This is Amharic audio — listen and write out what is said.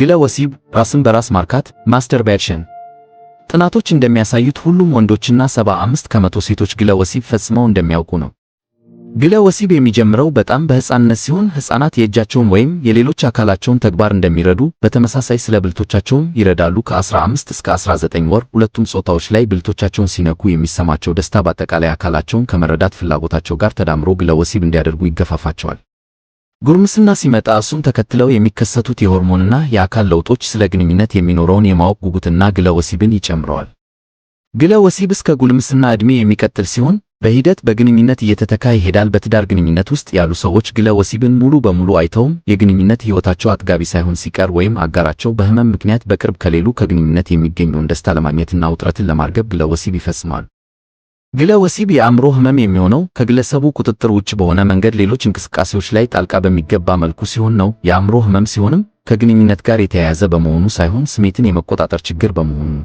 ግለ ወሲብ ራስን በራስ ማርካት ማስተርቤሽን። ጥናቶች እንደሚያሳዩት ሁሉም ወንዶችና 75 ከመቶ ሴቶች ግለ ወሲብ ፈጽመው እንደሚያውቁ ነው። ግለ ወሲብ የሚጀምረው በጣም በህፃንነት ሲሆን ህፃናት የእጃቸውን ወይም የሌሎች አካላቸውን ተግባር እንደሚረዱ በተመሳሳይ ስለ ብልቶቻቸውም ይረዳሉ። ከ15 እስከ 19 ወር ሁለቱም ጾታዎች ላይ ብልቶቻቸውን ሲነኩ የሚሰማቸው ደስታ በአጠቃላይ አካላቸውን ከመረዳት ፍላጎታቸው ጋር ተዳምሮ ግለ ወሲብ እንዲያደርጉ ይገፋፋቸዋል። ጉርምስና ሲመጣ እሱም ተከትለው የሚከሰቱት የሆርሞንና የአካል ለውጦች ስለ ግንኙነት የሚኖረውን የማወቅ ጉጉትና ግለ ወሲብን ይጨምረዋል። ግለ ወሲብ እስከ ጉልምስና ዕድሜ የሚቀጥል ሲሆን በሂደት በግንኙነት እየተተካ ይሄዳል። በትዳር ግንኙነት ውስጥ ያሉ ሰዎች ግለ ወሲብን ሙሉ በሙሉ አይተውም። የግንኙነት ሕይወታቸው አጥጋቢ ሳይሆን ሲቀር ወይም አጋራቸው በህመም ምክንያት በቅርብ ከሌሉ ከግንኙነት የሚገኘውን ደስታ ለማግኘትና ውጥረትን ለማርገብ ግለ ወሲብ ይፈጽማሉ። ግለ ወሲብ የአእምሮ ህመም የሚሆነው ከግለሰቡ ቁጥጥር ውጭ በሆነ መንገድ ሌሎች እንቅስቃሴዎች ላይ ጣልቃ በሚገባ መልኩ ሲሆን ነው። የአእምሮ ህመም ሲሆንም ከግንኙነት ጋር የተያያዘ በመሆኑ ሳይሆን ስሜትን የመቆጣጠር ችግር በመሆኑ ነው።